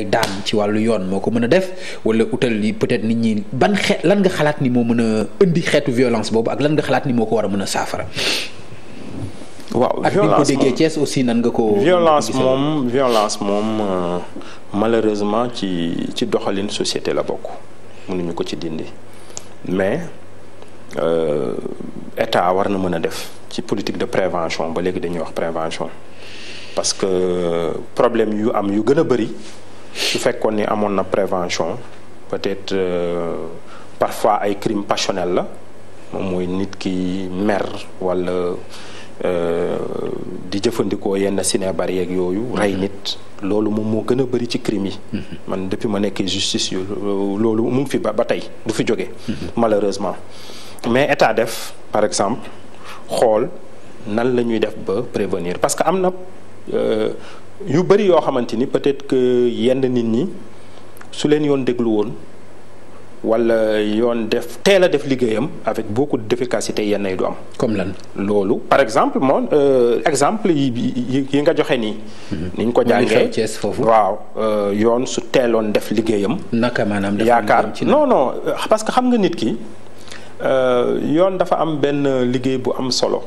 ay daan ci wàllu yoon moo ko mën a def wala utal yi peut-être nit ñi ban xeet lan nga xalaat ni moo mën a indi xeetu violence boobu ak lan nga xalaat ni moo ko war a mën a saafara. waaw ak ko déggee aussi nan nga ko. violence moom violence moom euh, malheureusement ci ci doxalin société la bokk mënuñu ko ci dindi mais euh, état war na mën a def ci politique de prévention ba léegi dañuy wax prévention parce que euh, problème yu am yu gën a bëri. su fekkoon ni amoon na prévention peut-être euh, parfois ay crime passionnel la moom mooy nit ki mer walla euh, di jëfandikoo yenn ciné bari yeeg yooyu rey mhm. nit loolu moom moo gën a bëri ci crime yi mhm. man depuis ma nekkee justice yu loolu mu ngi fi ba ba tey du fi jóge mhm. malheureusement mais état def par exemple xool nan la ñuy def ba prévenir parce que am na Euh, yu bëri yoo xamante ni peut-être que yenn nit ñi su leen yoon déglu woon wala yoon def teel a def liggéeyam avec ko d'efficacité yenn yi du am. comme lan loolu par exemple moom euh, exemple yi yi nga joxe nii. Mm-hmm. ni ñu ko jàngee Cees foofu. waaw euh, yoon su teeloon def liggéeyam. naka maanaam yaakaar non non parce que xam nga nit ki yoon dafa am benn liggéey bu am solo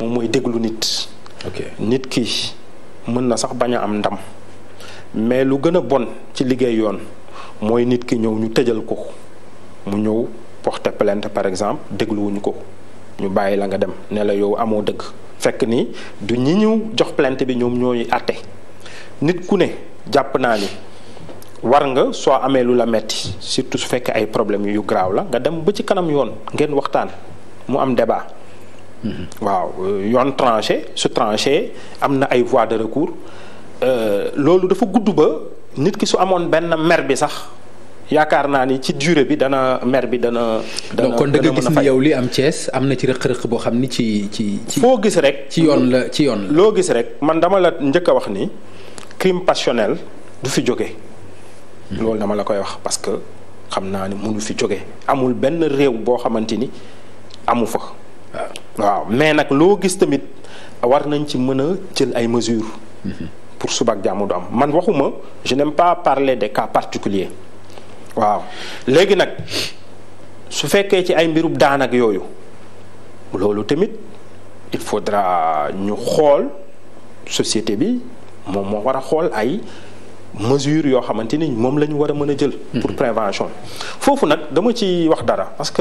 moom mooy déglu nit. nit ki. mën na sax bañ a am ndam mais lu gën a bon ci liggéey yoon mooy nit ki ñëw ñu tëjal ko mu ñëw porter plainte par exemple dégluwuñ ko ñu bàyyi la nga dem ne la yow amoo dëgg fekk ni du ñi ñëw jox plainte bi ñoom ñooy àtte nit ku ne jàpp naa ni war nga soo amee lu la metti surtout su fekkee ay problèmes yu graaw la nga dem ba ci kanam yoon ngeen waxtaan mu am débat waaw euh, yoon tranché su tranché am na ay voies de recours euh, loolu dafa gudd ba nit ki su amoon benn mer bi sax yaakaar naa ni ci durée bi dana mer bi dana. dana donc kon da nga yow li am Thiès am na ci rëq-rëq boo xam ni ci ci ci. foo gis rek ci yoon la ci yoon loo gis rek man dama la njëkk a wax ni crime passionnel du fi jóge hmm. loolu dama la koy wax parce que xam naa ni mënu fi jóge amul benn réew boo xamante ni amu fa. waaw mais nag loo gis tamit war nañ ci mën a jël ay mesures. Mhm. pour suba ak jàmm du am man waxuma je n'aime pas parler des cas particuliers waaw léegi nag su fekkee ci ay mbirub daanak yooyu loolu tamit il faudra ñu xool société bi moom moo war a xool ay mesures yoo xamante ni moom la ñu war a mën a jël. pour mhm. prévention foofu nag dama ci wax dara parce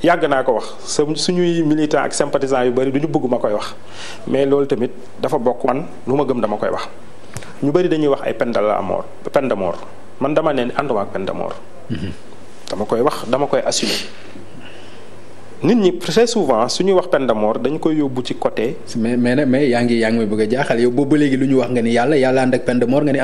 yàgg naa ko wax sa suñuy militant ak sympathisant yu bëri du ñu bëgg koy wax mais loolu tamit dafa bokk man lu ma gëm dama koy wax ñu bëri dañuy wax ay peine de la mort man dama ne ànduma ak peine mm-hmm. dama koy wax dama koy assumer nit ñi très souvent suñuy wax peine de mort dañ koy yóbbu ci côté. mais mais nag mais yaa ngi yaa ngi may bëgg a jaaxal yow boobu ba léegi lu ñu wax nga ni yàlla yàlla ànd ak peine de mort nga ni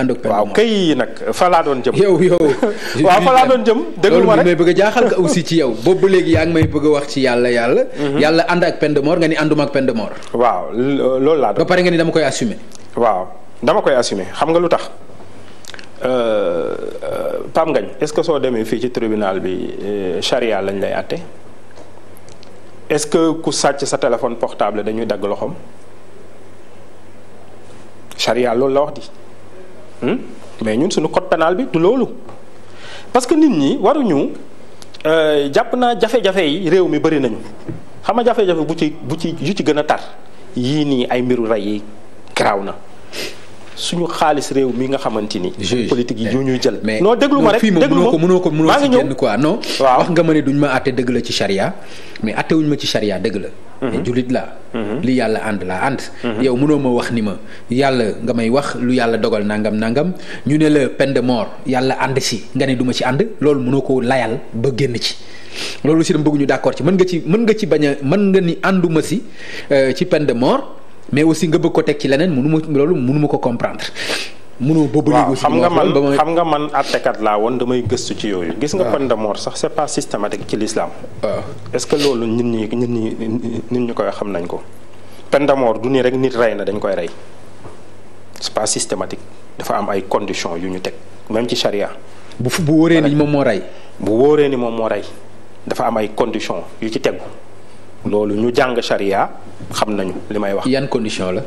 nag fa laa doon jëm. yow yow. waaw fa jaaxal ka aussi ci yow boobu ba léegi yaa ngi may bëgg wax ci yàlla yàlla. Mhm. yàlla ànd ak peine de mort ni ànduma ak peine de mort. waaw loolu laa doon. ba pare nga ni dama koy assumer. waaw dama koy assumé xam nga lu tax. Euh, euh, Pam Ngañ est-ce que soo demee fii ci tribunal bi euh, charia lañ lay àtte est-ce que ku sàcc sa téléphone portable dañuy dagg loxoom charia loolu la wax di hmm? mais ñun suñu code pénal bi du loolu parce que nit ñi waruñu euh, jàpp naa jafe-jafe yi réew mi bëri nañu xam nga jafe-jafe bu ci bu ci yu ci gën a tar yii nii ay mbiru rey yi na suñu xaalis réew mi nga xamante ni. politique yi ñu ñuy eh, jël. non déglu ma rek déglu ma ko mënoo ko mënoo si kenn quoi non. waaw wax nga ma ne duñ ma àtte dëgg la ci charia mais àtte wuñ ma ci charia dëgg la. Mhm. mais jullit laa. Mhm. li yàlla ànd laa ànd. Mhm. yow mënoo ma wax ni ma yàlla nga may wax lu yàlla dogal nangam nangam ñu ne la peine de mort yàlla ànd si nga ne duma ci ànd loolu mënoo ko layal ba génn ci. loolu si dama bëgg ñu d'accord ci mën nga ci mën nga ci bañ a mën nga ni ànduma si euh, ci peine mais aussi nga bëgg ko teg ci leneen mënuma loolu mënuma ko comprendre. mënoo ba bëri xam nga man xam nga man àttekat laa woon damay gëstu ci yooyu. gis nga ah. peine de sax c'est pas systématique ci l'islam. Ah. est-ce que loolu nit ñi nit ñi nit ñi koy xam nañ ko. peine de mort ni rek nit rey na dañ koy rey c'est pas dafa am ay conditions yu ñu teg même ci charia. bu fu bu wóoree moom moo rey. bu wóoree ni moom moo rey dafa am ay conditions yu ci tegu. loolu ñu jàng charia xam nañu li may wax. yan condition la.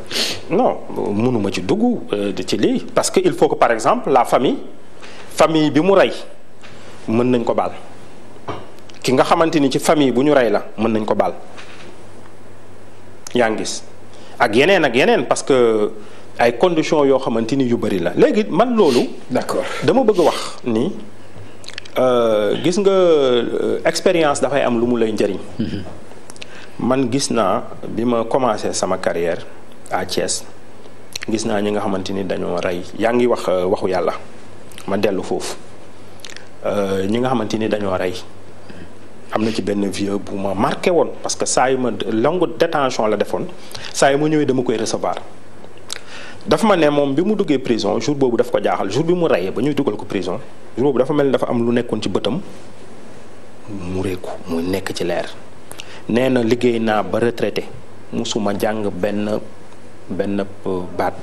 non mënuma ci dugg euh, ci lii parce que il faut que par exemple la famille famille bi mu rey mën nañ ko baal ki nga xamante ni ci famille bu ñu rey la mën nañ ko baal yaa ngi gis ak yeneen ak yeneen parce que ay conditions yoo xamante ni yu bëri la léegi man loolu. d'accord dama bëgg wax ni. Euh, gis nga euh, expérience dafay am lu mu lay njëriñ. Mm-hmm. man gis naa bi ma commencé sama carrière à Thiès gis naa ñi nga xamante ni dañoo rey yaa ngi wax euh, waxu yàlla ma dellu foofu euh, ñi nga xamante ni dañoo rey am na ci benn vieux bu ma marqué woon parce que saa yu ma longue détention la defoon saa yu ma ñëwee dama koy recevoir dafa ma ne moom bi mu duggee prison jour boobu daf ko jaaxal jour bi mu reyee ba ñuy dugal ko prison jour boobu dafa mel ni dafa am lu nekkoon ci bëtam mu réeku muy nekk ci leer. nee na liggéey naa ba retraité mosuma jàng benn benn euh, baat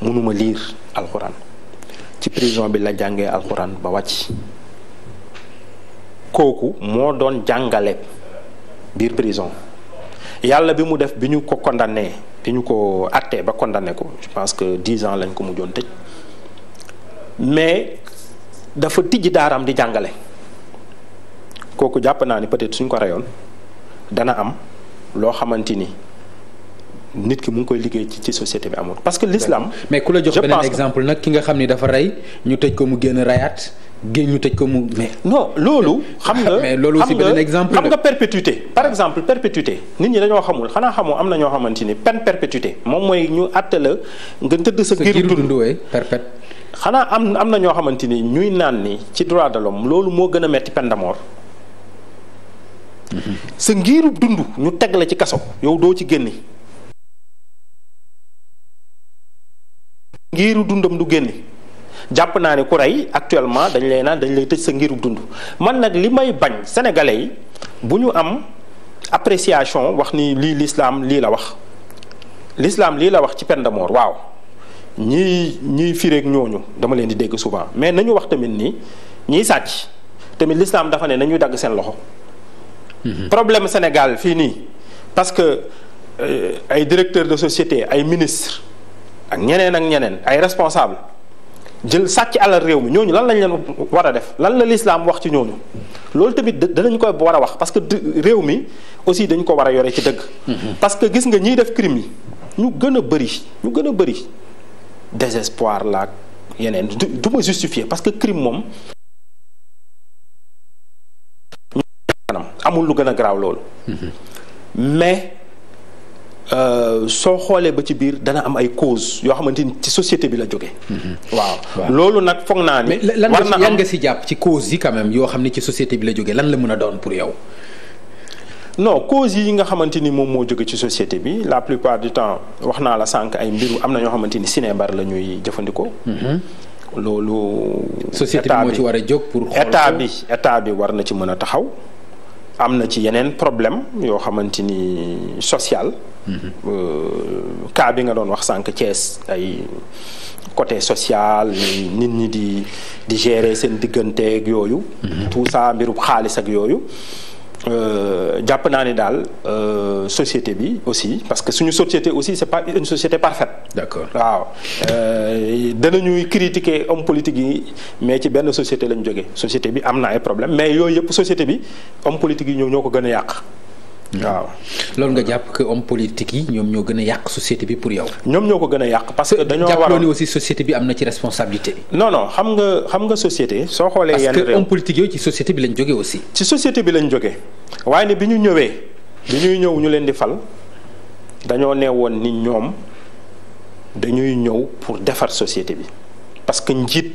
mënuma liir alxuraan ci prison bi la jàngee alxuraan ba wàcc kooku moo doon jàngale biir prison yàlla bi mu def bi ñu ko condamné bi ñu ko àttee ba condamné ko je pense que dix ans lañ ko jon tëj mais dafa tijji daaram di jàngale kooku jàpp naa ni peut-être suñ ko reyoon dana am loo xamante ni nit ki mu ngi koy liggéey ci ci société bi amul parce que l'islam mais ku la jox beneen exemple nag ki nga xam ni dafa rey ñu tëj ko mu génn rayaat génn ñu tëj ko mu mais. non loolu. xam nga mais loolu aussi beneen exemple xam nga perpétuité par exemple perpétuité nit ñi dañoo xamul xanaa xamoo am na ñoo xamante ni peine perpétuité moom mooy ñu àtte la nga tëdd sa. giiru dund perpète xanaa am am na ñoo xamante ni ñuy naan ni ci droit de l'homme loolu moo gën a metti pen de mort sa ngiiru dund ñu teg la ci kaso yow doo ci génne. ngiiru dundam du génne jàpp naa ne ku rey actuellement dañ lay naan dañ lay tëj sa ngiiru dund man nag li may bañ sénégalais bu ñu am appréciation wax ni lii lislaam lii la wax lislaam lii la wax ci peine de mort waaw ñii ñiy fireeg ñooñu dama leen di dégg souvent mais nañu wax tamit ni ñiy sàcc tamit lislaam dafa ne nañu dagg seen loxo problème Sénégal fii nii parce que euh, ay directeur de société ay ministre ak ñeneen ak ñeneen ay responsable jël sàcc alal réew mi ñooñu lan lañ leen war a def lan la lislaam wax ci ñooñu loolu tamit danañ koy war a wax parce que réew mi aussi dañ ko war a yore ci dëgg. Mm-hmm. parce que gis nga ñiy def crime yi ñu gën a bëri ñu gën a bëri désespoir la yeneen du ma justifier parce que crime moom kanam amul lu gën a garaaw loolu. mais euh, soo xoolee ba ci biir dana am ay cause yoo xamante ni ci société bi la jóge mhm. waaw loolu nag foog naa ni. war na lan nga si jàpp ci cause yi quand même yoo xam ne ci société bi la jógee lan la mën a doon pour yow. non causes yi nga xamante ni moom moo jóge ci société bi la plupart du temps wax naa la sànq ay mbiru am na ñoo xamante ni sinébar la ñuy jëfandikoo. Mhm. loolu. société bi moo ci war a jóg pour. état bi état bi war na ci mën a taxaw. am na ci yeneen problème yoo xamante ni social. Mhm. Euh, cas bi nga doon wax sànq Thiès ay côté social nit ñi di di gérer seen digganteeg yooyu. Mhm. tout ça mbirub xaalis ak yooyu. Euh, jàpp naa ne daal euh, société bi aussi parce que suñu société aussi c'est pas une société parfaite. d'accord waaw euh, danañuy critiquer homme politique yi mais ci benn société lañ jógee société bi am na ay problème mais yooyu yëpp société bi homme politique yi ñoo ñoo ko gën a yàq. waaw loolu nga jàpp que om politique yi ñoom ñoo gën a yàq société bi pour yow. ñoom ñoo ko gën a yàq parce que dañoo war a ni aussi am na ci responsabilité. non xam nga xam nga soo xoolee yenn réew parce ci société bi lañ jógee aussi. ci société bi lañ jógee bi ñu ñëwee bi ñëw ñu leen di fal dañoo ne woon ni ñoom dañuy ñëw pour defar société bi parce que njiit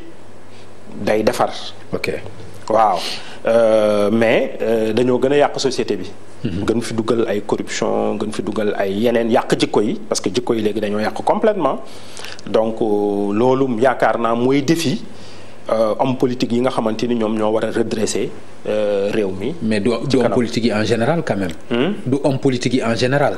day defar. ok waaw euh, mais euh, dañoo gën a yàq société bi. gën fi dugal ay corruption gën fi dugal ay yeneen yàq jikko yi parce que jikko yi léegi dañoo yàq complètement donc euh, loolu yaakaar naa mooy défi euh, homme yi nga xamante ni ñoom ñoo war a redresser euh, réew mi. mais du du homme politique en général quand même. Hmm? politique yi en général.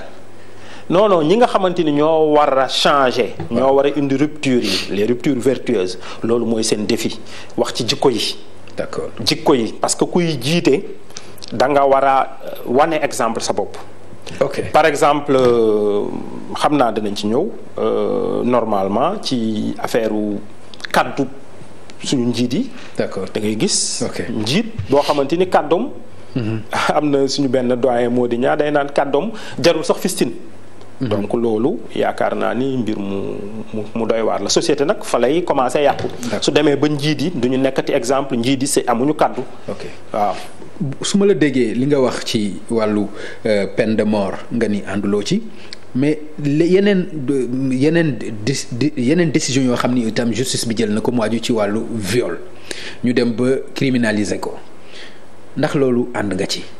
non ñi nga xamante ni ñoo war a changer. war a indi rupture les ruptures vertueuses loolu mooy seen défi wax ci jikko yi. d'accord jikko yi parce que kuy jiite. da nga war a euh, wane exemple sa bopp. ok par exemple euh, xam naa danañ ci ñëw euh, normalement ci affaire kaddu suñu njiit yi. d'accord da ngay gis. njiit boo xamante ni kàddoom. Mhm. am na suñu benn doyen moo di ñaa day naan kàddoom jarul sax fistine. Mhm. donc loolu yaakaar naa ni mbir mu mu doy waar la société nag fa lay commencé yàqu. su demee ba njiit yi du ñu nekkati exemple njiit yi c'est amuñu kàddu. waaw. su ma la déggee li nga wax ci wàllu euh, peine de mort nga ni ànduloo ci mais yeneen yeneen yeneen décision yoo xam ni itam justice bi jël na ko mu aju ci wàllu viole ñu dem ba criminaliser ko ndax loolu ànd nga ci.